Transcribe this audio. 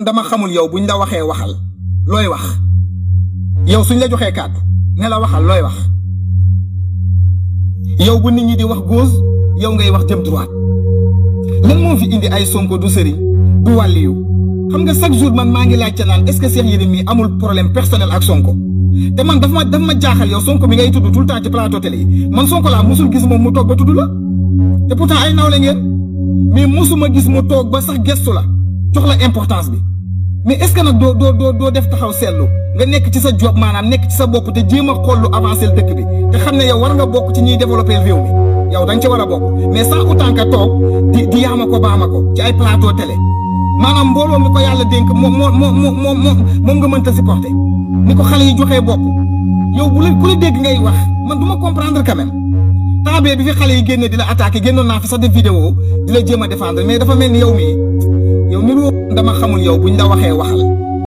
dama xamul yow buñ la waxee waxal looy wax yow suñ la joxee kàddu ne la waxal looy wax yow bu nit ñi di wax gauche yow ngay wax jëm droite lan moo fi indi ay sonko du sëriñ du wàlliyu xam nga chaque jour man maa ngi laajte naan est-ce que Cheikh Yérim mi amul problème personnel ak sonko te man dafa ma dafa ma jaaxal yow sonko bi ngay tudd tout le temps ci plateau télé yi man sonko laa mosul gis moom mu toog ba tudd la te pourtant ay nawle ngeen mais mosuma gis mu toog ba sax gestu la jox la importance mais est-ce que nag doo doo doo doo def taxaw job maanaam nekk ci sa bopp te jéem a xool lu avancé dëkk bi te xam ne yow war nga bokk ci ñuy développé réew mi yow da mais sans autant que toog di di yaama ko baama ko ci ay plateau télé maanaam mbooloo mi ko yàlla dénk moom moo moo mo mo nga mënta supporter ni ko xale yi joxee bopp yow bu la ku la dégg ngay wax man du ma comprendre quand même temps bi fi xale yi génne di la attaqué génnoon fi sax def vidéo di la défendre mais dafa yow yow niroo dama xamul yow buñ la waxee waxal